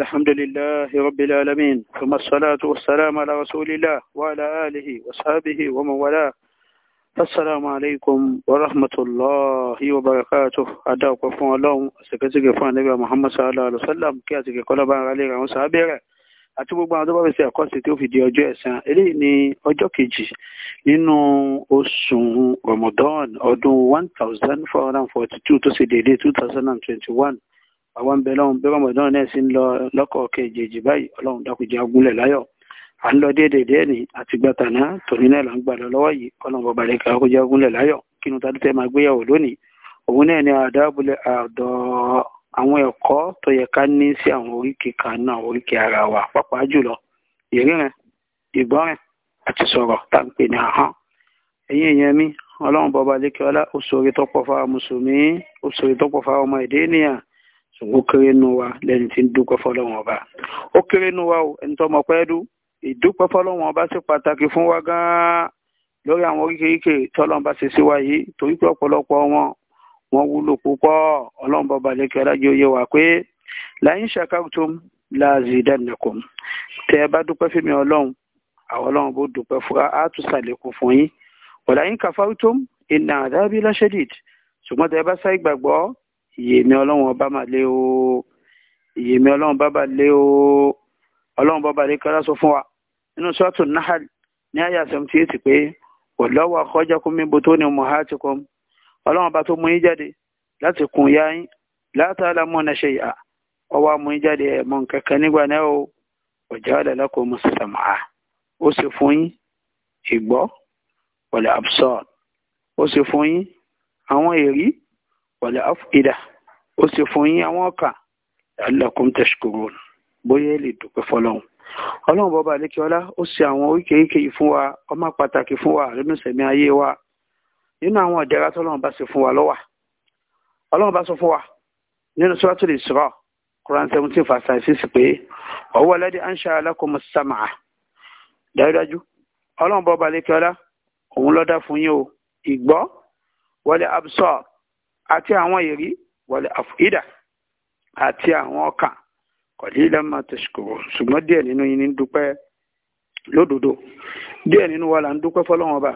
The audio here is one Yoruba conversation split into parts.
الحمد لله رب العالمين ثم الصلاة والسلام على رسول الله وعلى آله وصحبه ومن والاه السلام عليكم ورحمة الله وبركاته أدعوك فون الله سكتك فون النبي محمد صلى الله عليه وسلم كي أتك قلبا عليك عن صحابه àti gbogbo àwọn tó bá fẹ́ ṣe àkọsí tí ó fi di ọjọ́ ẹ̀san eléyìí ni ọjọ́ kejì nínú oṣù àwọn bẹ lọ́hùn bí ọmọ ìdánwò náà sì ń lọ lọ́kọ̀ kejì báyìí ọlọ́run dákújẹ agúnlẹ̀ láyọ̀ à ń lọ déédéé ní àtìgbàtàná tòní náà là ń gbà lọ lọ́wọ́ yìí ọlọ́run bàbá rẹ̀ dákújẹ agúnlẹ̀ láyọ̀ kí ni tàbí tẹ́ máa gbéyàwó lónìí òun náà ni àdábùlẹ̀ àdọ̀ àwọn ẹ̀kọ́ tó yẹ ká ní sí àwọn oríkèé kan náà oríkèé ara wa pàápàá jùlọ ìríran ìgbọ́ràn àti sọ̀rọ̀ tá ń pè ní ahọ́n ẹ̀yin èèyàn mi ṣùgbọ́n ó kéré nu wa lẹ́ni tí ń dúpẹ́ fọlọ́wọ́n ọba ó kéré nu wa o ẹni tó mọ̀ pẹ́ dú ìdúpẹ́ fọlọ́wọ́n ọba ṣe pàtàkì fún wa gan-an lórí àwọn oríkèéríkè tọ́lọ́n bá ṣe sí wa yìí torí pé ọ̀pọ̀lọpọ̀ wọn wọn wúlò púpọ̀ ọlọ́run bọ̀ balẹ̀kẹ́ alájẹ oyè wa pé láyín ṣàkàtúm láàzì ìdánilẹ́kùn tẹ́ ẹ bá dúpẹ́ fún mi ọlọ́run àwọn ọlọ́run bó dúpẹ́ fún á tún ṣàlékún fún yín ọ̀làyín kàfáwítúm ìnà àdábí láṣẹ́dìd ṣùgbọ́n tẹ́ ẹ bá sá ìgbàgbọ́ ìyèmí ọlọ́run ọba mà lé o ìyèmí ọlọ́run bàbà lé o ọlọ́run bàbà lé kọ́lá sọ fún wa nínú sọ́ọ̀tù nahal ní àyà seventy eight pé wallahu akhrajakum min butuni ummahatikum ọlọ́run bá tó mú yín jáde láti kùn yá yín la ta'lamuna shay'a ọwọ́ mú yín jáde ẹ̀mọ́ kankan nígbà náà o wa ja'ala lakumus sam'a ó sì fún yín ìgbọ́ wal absar ó sì fún yín àwọn èrí wàlẹ̀ afida ó sì fún yín àwọn ọkà alakum tashkurun bóyá ẹ lè dúpẹ́ fọlọ́hún ọlọ́run bọ́ba àlékiọlá ó sì àwọn oríkèéríkè yìí fún wa ọmọ pàtàkì fún wa nínú sẹ̀mí ayé wa nínú àwọn ìdẹ̀ra tọ́lọ́run bá ṣe fún wa lọ́wà ọlọ́run bá sọ fún wa nínú suratul Isra Quran seventeen verse five six pé ọwọ́ aládé ansha alákòmọ̀ sàmà dájúdájú ọlọ́run bọ́ba àlékiọlá òun ló dá fún yín o ìgbọ́ wọlé absorb àti àwọn èrí wọlé àfúídà àti àwọn ọkàn kọ̀lílẹ̀ máa tẹ̀síkòrò ṣùgbọ́n díẹ̀ nínú yín ń dúpẹ́ lódodo díẹ̀ nínú wa là ń dúpẹ́ fọlọ́wọ́n bá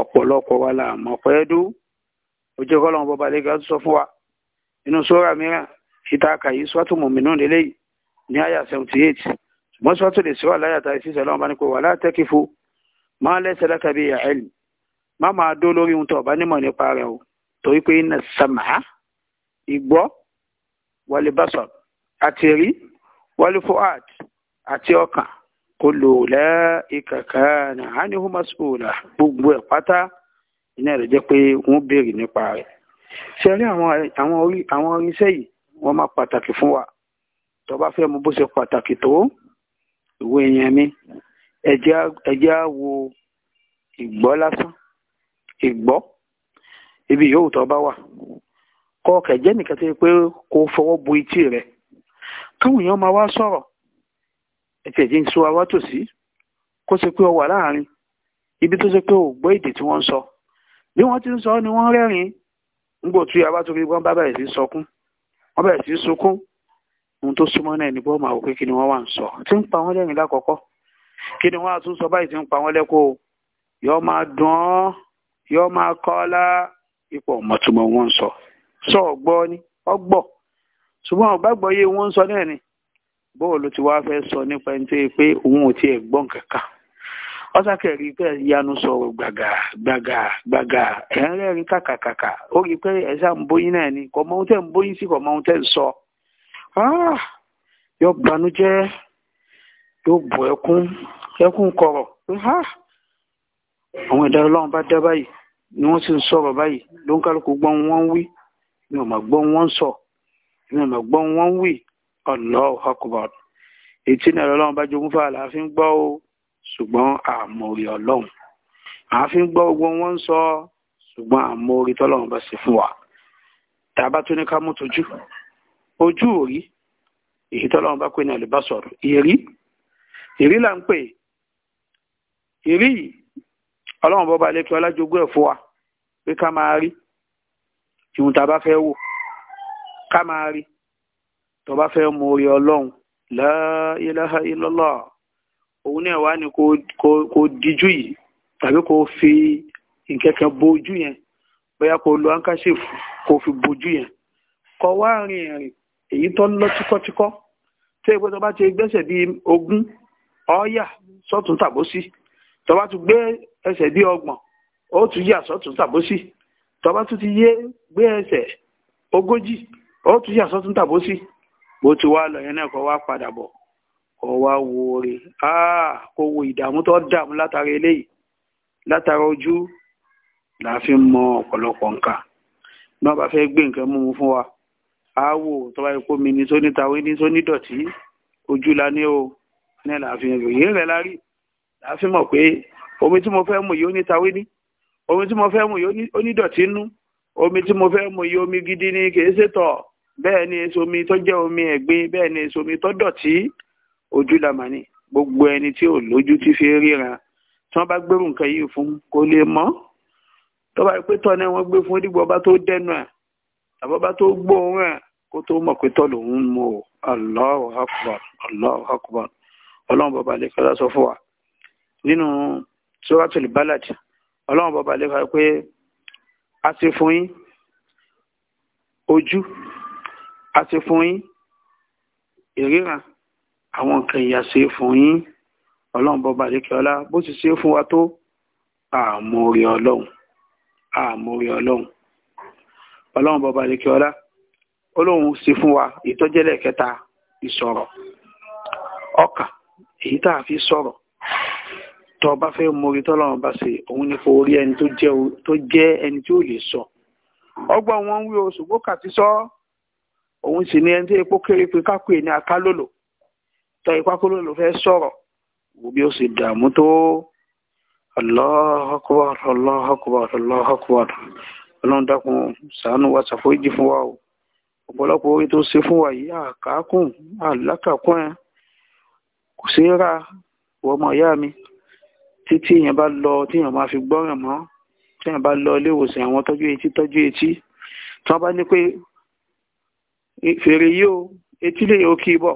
ọ̀pọ̀lọpọ̀ wa là mọ̀ pẹ́ dú ojú fọlọ́wọ́n bọ́ba lẹ́gà sọ fún wa inú sóra mìíràn ìta àkàyí sọ́tù mọ̀mìnú lélẹ́yìí ní àyà seventy eight ṣùgbọ́n sọ́tù lè sọ́wọ́ láyà tá ìfísẹ̀ lọ́wọ́ bá ní pé wà látẹ́kìfo máa lẹ́sẹ̀ lákàbí ìyá ẹ̀lì má máa dó lórí ohun tó ọ̀bá nímọ̀ nípa rẹ̀ o torí pé iná sàmà ìgbọ́ wọlé bàṣọ àti rí wọlé fuad àti ọkàn kò lò lẹ́ ìkàkà ní hanihu masuola gbogbo ẹ̀ pátá iná rẹ̀ jẹ́ pé wọ́n béèrè nípa rẹ̀ ṣe rí àwọn irinṣẹ́ yìí wọ́n máa pàtàkì fún wa tó bá fẹ́ mú bó ṣe pàtàkì tó ìwé èèyàn mi ẹ̀jẹ̀ á wo ìgbọ́ lásán ìgbọ́ ibi yòówù tó bá wà kọ́ kẹ̀jẹ́ nìkan tó yẹ pé kò fọwọ́ bu etí rẹ̀ káwọn èèyàn máa wá sọ̀rọ̀ ẹ̀tì ẹ̀jẹ̀ ń sọ wa tòsí kó ṣe pé ọ wà láàrin ibi tó ṣe pé ò gbọ́ èdè tí wọ́n ń sọ bí wọ́n ti ń sọ ni wọ́n rẹ́rìn nígbò tó yà wá tó bá bẹ̀rẹ̀ sí sọkún wọ́n bẹ̀rẹ̀ sí sunkún ohun tó súnmọ́ náà ní bọ́ọ̀mù àwòké kí ni wọ́n wà ń sọ tí ń pa wọ́n lẹ́rìn lákọ̀ọ́kọ́ kí ni wọ́n á tún sọ báyìí tí ń pa wọ́n lẹ́kọ̀ọ́ yọ máa dùn yọ máa kọ́ ọ́ lá ipò ọ̀mọ̀túnmọ̀ wọn sọ sọ ọgbọ́ ni ọgbọ́ ṣùgbọ́n ọ̀gbàgbọ́ yé wọn sọ náà ni bóòlù tí wàá fẹ́ sọ nípa ẹni tó yẹ pé òun ò tiẹ̀ gbọ́n kankan ọ́sàkẹ́ rí pé ìyanu sọ̀rọ̀ gbàgà gbàgà gbàgà ẹ̀ ń rẹ́rìn kàkàkàkà ó rí pé ẹ̀sà ń bóyin náà ni kò mọ ohun tẹ́ ń bóyin sí kò mọ ohun tẹ́ ń sọ ah! yóò banújẹ́ yóò bọ̀ ẹkún ẹkún kọ̀rọ̀ ah! àwọn ìdá bá dá báyìí ni wọ́n sì ń sọ̀rọ̀ báyìí ló ń kálukú gbọ́n wọ́n ń wí mi ò mà gbọ́n wọ́n ń sọ mi ò mà gbọ́n wọ́n ń wí Allahu Akbar ètí náà lọ́lọ́run bá jogún fún àlàáfíà gbọ́ o ṣùgbọ́n àmọ̀rí ọlọ́run àáfíà ń gbọ́ ogun wọ́n ń sọ ṣùgbọ́n àmọ̀rí tọ́lọ́run bá ṣe fún wa tá a bá tún ní ká mú tojú ojú òrí èyí tọ́lọ́run bá pè ní àlùbásọ̀rọ̀ ìrí ìrí là ń pè ìrí yìí ọlọ́run bọ́ba lẹ́kẹ́ ọlájogún ẹ̀ fún wa pé ká máa rí ìhun tá a bá fẹ́ wò ká máa rí tó bá fẹ́ mú orí ọlọ́run la ilaha illallah òun náà wá ní kó díjú yìí tàbí kó fi nkẹ́kẹ́ bojú yẹn bóyá kó lo ankaṣẹ́fù kó fi bojú yẹn kọ wá rìn rìn èyí tó ń lọ tíkọ́tíkọ́ tí èyí pé tó bá ti gbẹ́sẹ̀ bíi ogún ọ̀ọ́yà sọ́tún tàbó sí tó bá tún gbé ẹsẹ̀ bí ọgbọ̀n ó tún yà sọ́tún tàbósì tó bá tún ti yé gbé ẹsẹ̀ ogójì ó tún yà sọ́tún tàbósì bó ti wá lọ yẹn náà kọ́ wá padà bọ̀ kọ́ wá wo rè áà kó wo ìdààmú tó dààmú látara eléyìí látara ojú là á fi mọ ọ̀pọ̀lọpọ̀ nǹkan náà bá fẹ́ gbé nǹkan mú fún wa á wò tó bá mi ní sóní tawé ní sóní dọ̀tí ojú la ní o ní là á fi hàn yìí rẹ̀ láàfin mọ̀ pé omi tí mo fẹ́ mu yìí ó ní tawé ní omi tí mo fẹ́ mu yìí ó ní dọ̀tí nú omi tí mo fẹ́ mu yìí omi gidi ni kìí ṣètọ̀ bẹ́ẹ̀ ni èso omi tó jẹ́ omi ẹ̀gbin bẹ́ẹ̀ ni èso omi tó dọ̀tí ojú làmà ni gbogbo ẹni tí ò lójú ti fi ríran tí wọ́n bá gbérù nǹkan yìí fún kó lè mọ́ tó bá pé tọ́ ni wọ́n gbé fún dígbò ọba tó dẹnu ẹ̀ àbọ̀bá tó gbóòórùn ẹ̀ kó tó mọ̀ pé tọ́ lòun ń mu Allahu akbar Allahu akbar ọlọ́run bàbá lè fẹ́ lásọ fún wa nínú suratul balad ọlọ́run bọ́ba lè fa pé a ṣe fún yín ojú a ṣe fún yín ìríran àwọn nǹkan ìyà ṣe fún yín ọlọ́run bọ́ba àdékẹ́ọ́lá bó ti ṣe fún wa tó àmórí ọlọ́run àmórí ọlọ́run ọlọ́run bọ́ba àdékẹ́ọ́lá ó lóun ṣe fún wa ìtọ́jẹ́lẹ̀ kẹta ìsọ̀rọ̀ ọkà èyí tá a fi sọ̀rọ̀ tọ́ bá fẹ́ mórí tọ́lọ́run bá ṣe òun ni kò rí ẹni tó jẹ́ ẹni tí ò lè sọ ọgbọ́n wọn ń wí oṣù gbókà ti sọ òun sì ni ẹni tí epo kéré pé kápẹ́ ní akálòlò tọ́ ìpákólòlò fẹ́ sọ̀rọ̀ wò bí ó sì dààmú tó Allahu Akbar Allahu ọlọ́run dákun ṣàánú wa ṣàforíjì fún wa o ọ̀pọ̀lọpọ̀ orin tó ṣe fún wa yìí àkákùn àlákàkún ẹ kò sí ra wọ́n mọ̀ ìyá mi títí èèyàn bá lọ tí èèyàn máa fi gbọ́ràn mọ́ tí èèyàn bá lọ ilé ìwòsàn àwọn tọ́jú etí tọ́jú etí tí wọ́n bá ní pé fèrè yìí o etí lè yóò kí bọ̀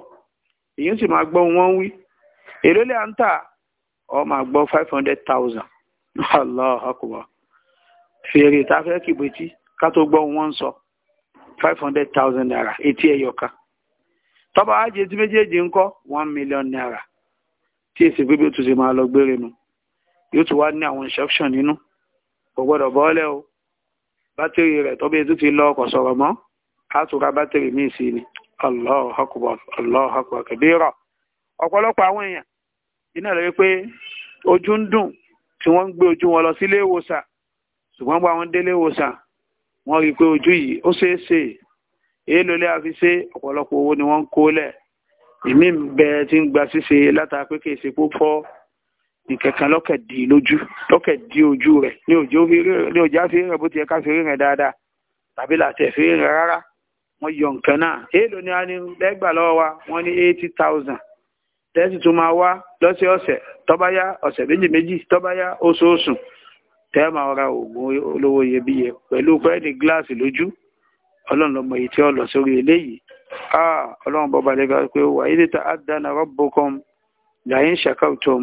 èyàn sì máa gbọ́ wọ́n wí èló lè à ń tà ọ máa gbọ́ five hundred thousand allah akbar fèrè tá a fẹ́ kìbò etí ká tó gbọ́ wọ́n sọ five hundred thousand naira etí ẹ̀yọ kan tọ́ba ajé tí méjèèjì ń kọ́ one million naira tí èsì pé bí o máa lọ gbére nu. No yóò ti wá ní àwọn instruction nínú kò gbọ́dọ̀ bọ́ọ̀lẹ̀ o bátìrì rẹ̀ tó bẹ́ẹ̀ tó ti lọ ọkọ̀ sọ̀rọ̀ mọ́ á tún ra bátìrì míì sí ni Allahu akbar Allahu ọ̀pọ̀lọpọ̀ àwọn èèyàn iná rẹ̀ pé ojú ń dùn tí wọ́n ń gbé ojú wọn lọ sílé ìwòsàn ṣùgbọ́n bá wọn délé ìwòsàn wọ́n rí i pé ojú yìí owó ni wọ́n ń kó lẹ̀ ìmí bẹ́ẹ̀ ti ń gba nkankan lọ́kẹ̀ di lójú lọ́kẹ̀ di ojú rẹ̀ ní òjò ní òjò àfi rẹ̀ bó ti yẹ ká fi rìn dáadáa tàbí láti ẹ̀ fi rárá wọ́n yọ nǹkan náà èèlò ni a ní lẹ́gbà lọ́wọ́ wa wọ́n ní eighty thousand tẹ́sí tún máa wá lọ́sẹ̀ ọ̀sẹ̀ tọ́ba yá ọ̀sẹ̀ méjì méjì tọ́ba yá oṣooṣù tẹ́ máa ra oògùn olówó iyebíye pẹ̀lú pẹ́ẹ́nì gíláàsì lójú ọlọ́run lọ́mọ èyí tí ó lọ sórí eléyìí ah, ọlọ́run bọ́ba lẹ́gbàá pé wàyí lè ta rọ́bùkọ́m làyín ṣàkàtọ́m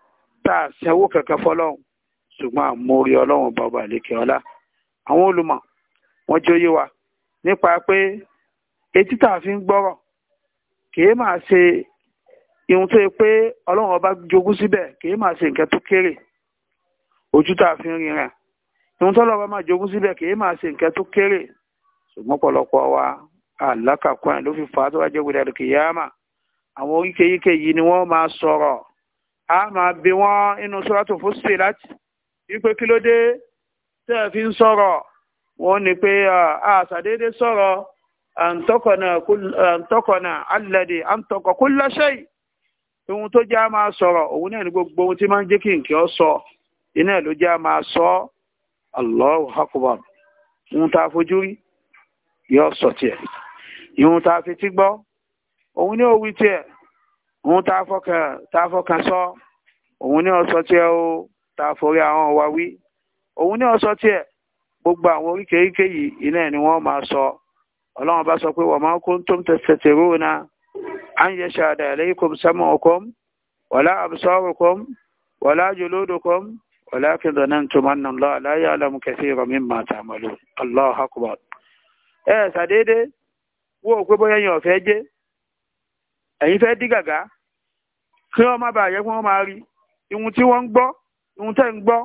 tá a sanwó kankan fọlọ́run ṣùgbọ́n àmórí ọlọ́run bàbá àlékè ọlá àwọn olùmọ̀ wọ́n jẹ́ wa nípa pé etí tá a fi ń gbọ́rọ̀ kìí máa ṣe ihun tó yẹ pé ọlọ́run ọba jogún síbẹ̀ kìí máa ṣe nǹkan tó kéré ojú tá a fi ń rìnrìn ihun tó lọ́ba máa jogún síbẹ̀ kìí máa ṣe nǹkan tó kéré ṣùgbọ́n ọ̀pọ̀lọpọ̀ wa àlákàkọ́ ẹ̀ ló fi fà á tó wá jẹ́ gbẹdẹ̀ kìyàmà àwọn oríkèéríkèé yìí ni wọ́n máa sọ̀rọ̀ a máa bi wọ́n inú sọ́ràtò Fussilat wípé kí ló dé tẹ́ ẹ fi ń sọ̀rọ̀ wọ́n ní pé àṣàdédé sọ̀rọ̀ àǹtọ́kọ̀nà alladhi àǹtọ́kọ̀ kulla shay ohun tó jẹ́ a máa sọ̀rọ̀ òun náà ní gbogbo ohun tí máa ń jẹ́ kí nǹkan sọ iná ló jẹ́ a máa sọ Allahu akbar ohun tá a fojú rí yóò sọ tiẹ̀ ìhun tá a fi ti gbọ́ òun òun tá a fọkàn sọ òun ní ọsọ tiẹ̀ o tá a forí àwọn wa wí òun ní ọsọ tiẹ̀ gbogbo àwọn oríkèéríkè yìí iná ni wọ́n máa sọ ọlọ́run bá sọ pé wa ma kuntum tastatiruna an yashhada alaykum sam'ukum wala absarukum wala juludukum walakin dhanantum anna Allaha la ya'lamu kathiran mimma ta'malun Allahu akbar ẹ ṣàdédé wọ́n ò bóyá yẹn ọ̀fẹ́ jẹ́ ẹ̀yin fẹ́ dí gàgá kí wọ́n má bàa yẹ kí wọ́n máa rí ihun tí wọ́n ń gbọ́ ihun tẹ́ ń gbọ́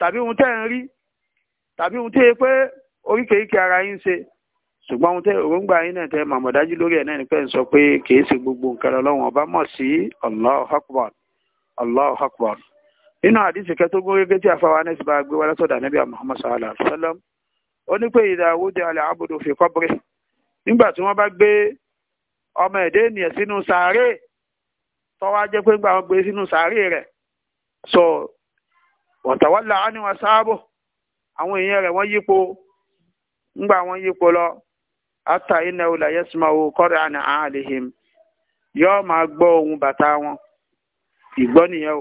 tàbí ihun tẹ́ ń rí tàbí ohun tí ẹ pé oríkèéríkèé ara yín ṣe ṣùgbọ́n ohun tẹ́ òróǹgbà yín náà tẹ́ màmọ̀ dájú lórí ẹ̀ náà ni pé ń sọ pé kìí ṣe gbogbo nǹkan lọ́wọ́n ọba mọ̀ sí Allahu nínú àdìsí kẹtógún régé tí àfáwa náà ti bá gbé wá lọ́sọ̀dà níbi Muhammad sallallahu alaihi ọmọ ẹ̀dẹ́ ènìyàn sínú sàárè tọ́wọ́ ajẹ́ pé gbà wọn gbé sínú sàárè rẹ̀ so wọ̀tàwọ́lá á ní wọn sáábò àwọn èèyàn rẹ̀ wọ́n yípo ńgbà wọ́n yípo lọ ata iná ọ̀là yẹ́sùmá owó na àná àhàlìhìm yóò máa gbọ́ ohun bàtà wọn ìgbọ́ nìyẹn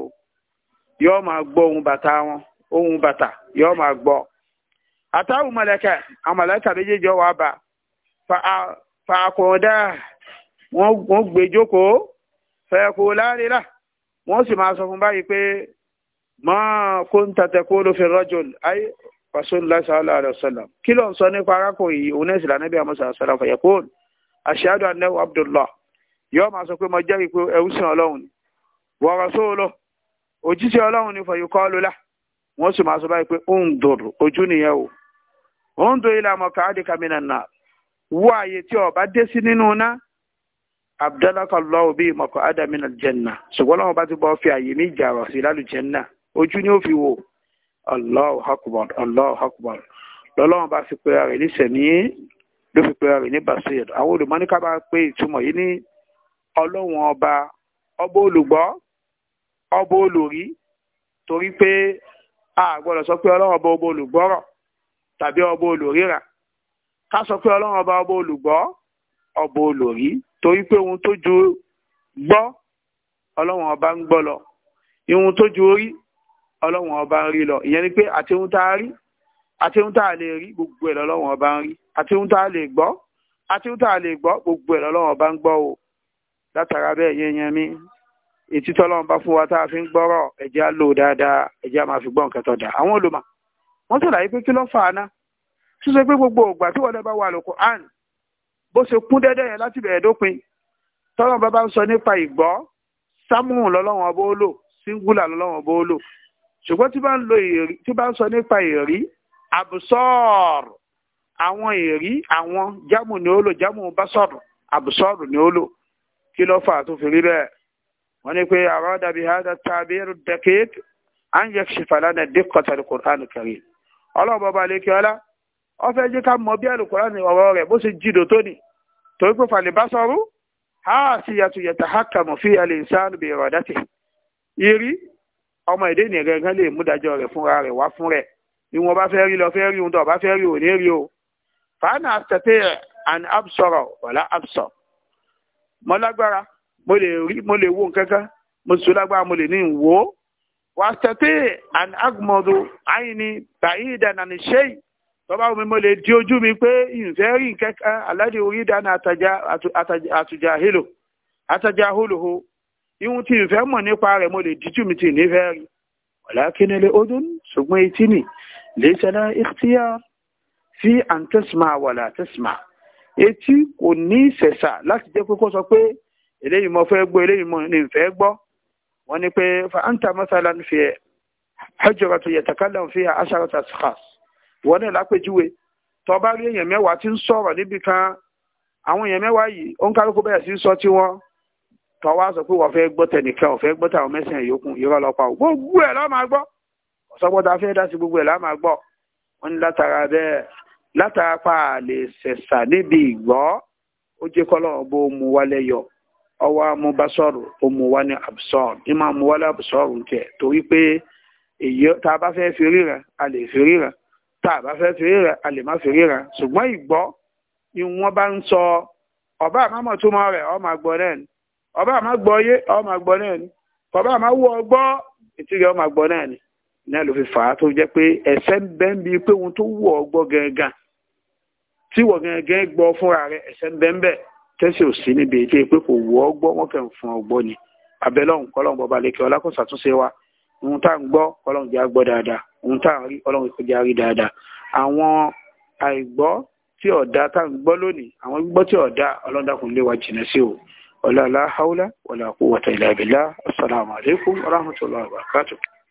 o máa gbọ́ ohun bàtà wọn ohun bàtà yóò máa gbọ́ àtàwọn mọ̀lẹ́kẹ̀ àwọn mọ̀lẹ́kẹ̀ méjèèjì wọ́n gbé jókòó fẹ́ẹ̀kú láàrínlá wọ́n sì máa sọ fún báyìí pé ma kunta taqulu fi rajul ayé rasulullah sallallahu alaihi wasallam kí ló ń sọ nípa arákùnrin yìí òun ẹ̀sìn lànà bí àmọ́ sàlọ́sọ́lá fẹ̀yẹ̀ kóòlù ashhadu annahu abdullah yóò máa sọ pé mo jẹ́rìí pé ẹrú sìn ọlọ́run ni wa rasuluhu òjíṣẹ́ ọlọ́run ni fayuqalu lah wọ́n sì máa sọ báyìí pé undur ojú nìyẹn o undur ila maq'adika minan nar wọ àyè tí o dé sí nínú náà abdalaka Allahu bíi mọ̀kọ́ adamina jẹ́nà ṣùgbọ́n lọ́wọ́ bá ti bọ́ fi àyè mi jà rọ̀ sí lálùjẹ́nà ojú ni ó fi wò Allahu akbar Allahu akbar lọ́lọ́wọ́ bá fi pera rẹ̀ ní sẹ̀mí ló fi pera rẹ̀ ní basir àwọn olùmọ́níkà bá pé ìtumọ̀ yìí ní ọlọ́wọ́n ọba ọba olùgbọ́ ọba olùrí torí pé a gbọ́dọ̀ sọ pé ọlọ́wọ́n ọba ọba olùgbọ́rọ̀ tàbí ọba olùríra ká sọ pé ọlọ́wọ́n ọba ọba olùgbọ́ ọba olórí torí pé ohun tó ju gbọ́ ọlọ́run ọba ń gbọ́ lọ ohun tó ju orí ọlọ́run ọba ń rí lọ ìyẹn ni pé àti ohun tá a rí àti ohun tá a lè rí gbogbo ẹ̀ lọ́lọ́run ọba ń rí àti ohun tá a lè gbọ́ àti ohun tá a lè gbọ́ gbogbo ẹ̀ lọ́lọ́run ọba ń gbọ́ o látara bẹ́ẹ̀ yẹn yẹn mi ètí tọ́lọ́run bá fún wa tá a fi ń gbọ́rọ̀ ẹ̀jẹ̀ á lò dáadáa ẹ̀jẹ̀ á máa fi gbọ́ nǹkan tó dáa àwọn olùmọ̀ wọ́n ṣàlàyé pé kí ló fà á ná ṣíṣe pé gbogbo ògbà tí wọ́n lè bá wà lóko àn bó ṣe kún dẹ́dẹ́ yẹn láti bẹ̀rẹ̀ dópin tọ́lọ́n bá bá ń sọ nípa ìgbọ́ sámúhùn lọ́lọ́wọ́n bó lò síngúlà lọ́lọ́wọ́n bó lò ṣùgbọ́n tí bá ń lo ìrí tí bá ń sọ nípa ìrí àbùsọ́ọ̀rù àwọn ìrí àwọn jámù ni ó lò jámù básọ̀rù àbùsọ́ọ̀rù ni ó lò kí ló fà tó fi rí bẹ́ẹ̀ wọ́n ní pé àwọn dàbí hádà tàbí ẹrù dẹ́kẹ́ẹ̀tì à ń dẹ́kọ̀tà Al-Qur'an ọfẹ́ jẹ́ ká mọ bí àlùkùránì ọ̀rọ̀ rẹ̀ bó ṣe jìdò tó nì torí pé fàlẹ́ bá sọrú ha sì yàtọ̀ yàtọ̀ ha kà mọ̀ fi àlè sáànù bí ìrọ̀dá tì yìí ọmọ èdè ní rẹ̀ gan lè mú dájọ́ rẹ̀ fúnra rẹ̀ wá fún rẹ̀ ìwọ̀n bá fẹ́ rí lọ fẹ́ rí ohun tó bá fẹ́ rí òní rí o fàánà àtẹ̀tẹ̀ and absorọ̀ wàlá absor mo lágbára mo lè rí mo lè wo nǹkan kan mo sì lágbára mo lè ní ìwò wàtẹ̀tẹ̀ and agmọ̀dọ̀ àyìní bàyí ìdáná ní ṣẹ́yìn tọ́ba omi mo lè di ojú mi pé ìfẹ́ rí kẹ́kẹ́ aládé orí dáná àtàjà hélò àtàjà hólòho ihun tí ìfẹ́ mọ̀ nípa rẹ̀ mo lè díjú mi tì nífẹ́ rí ọ̀là kínnílé ọdún ṣùgbọ́n etí nì lẹ́sẹ̀lá ìktíyà sí àǹtẹ̀sìmá wàlà àtẹ̀sìmá etí kò ní ìṣẹ̀ṣà láti jẹ́ pé kó sọ pé eléyìí mo fẹ́ gbọ́ eléyìí mo ní ìfẹ́ gbọ́ wọ́n ní pé fa anta masalan fi hajjọ́ra fi àṣàrọ̀ tàṣàṣà ìwọ náà lápèjúwe tó bá rí èèyàn mẹ́wàá tí ń sọ̀rọ̀ níbi kan àwọn èèyàn mẹ́wàá yìí ó ń kálukú bẹ̀rẹ̀ sí sọ tí wọ́n tó wá sọ pé wọ́n fẹ́ gbọ́ tẹnìkan ò fẹ́ gbọ́ tàwọn mẹ́sàn-án yòókù irọ́ lọ́pàá ò gbogbo ẹ̀ lọ́ máa gbọ́ ọ̀sọ́gbọ́ta fẹ́ dá sí gbogbo ẹ̀ lá máa gbọ́ wọ́n ní látara bẹ́ẹ̀ látara pa àlè ṣẹ̀ṣà níbi ìgbọ́ ó jẹ́ kọ́lọ́ bó mu wálé yọ tá a bá fẹ́ fi ríra a lè má fi ríra ṣùgbọ́n ìgbọ́ ni wọ́n bá ń sọ ọba àmọ́ tó mọ rẹ̀ ọ máa náà ni ọba àmọ́ gbọ́ yé ọ máa gbọ́ náà ni ọba àmọ́ wọ ọgbọ́ etí rẹ̀ ọ máa gbọ́ náà ni náà ló fi fà á tó jẹ́ pé ẹ̀ṣẹ̀ ń bẹ ń bi pé ohun tó wù ọ gbọ́ tí wọ̀ gangan gbọ́ fúnra rẹ̀ ẹ̀ṣẹ̀ ń bẹ ń bẹ tẹ́sí ò sí níbi ètò pé kò wù ọ gbọ́ kàn fún ọ ni abẹ́lọ́hùn kọ́lọ́hùn bọ́ba lẹ́kẹ́ ọlákùnsàtúnṣe wa ohun tá à ń gbọ́ kọ́lọ́hùn jẹ́ àgbọ́ dáadáa ohun tá à ń rí ọlọ́run kò jẹ́ àrí dáadáa àwọn àìgbọ́ tí ọ̀dà tá à ń gbọ́ lónìí àwọn gbígbọ́ tí ọ̀dà ọlọ́run dákun lé wa jìnnà sí o ọlọ́lá haúlá wàlá quwwata illa billah assalamu alaikum warahmatullahi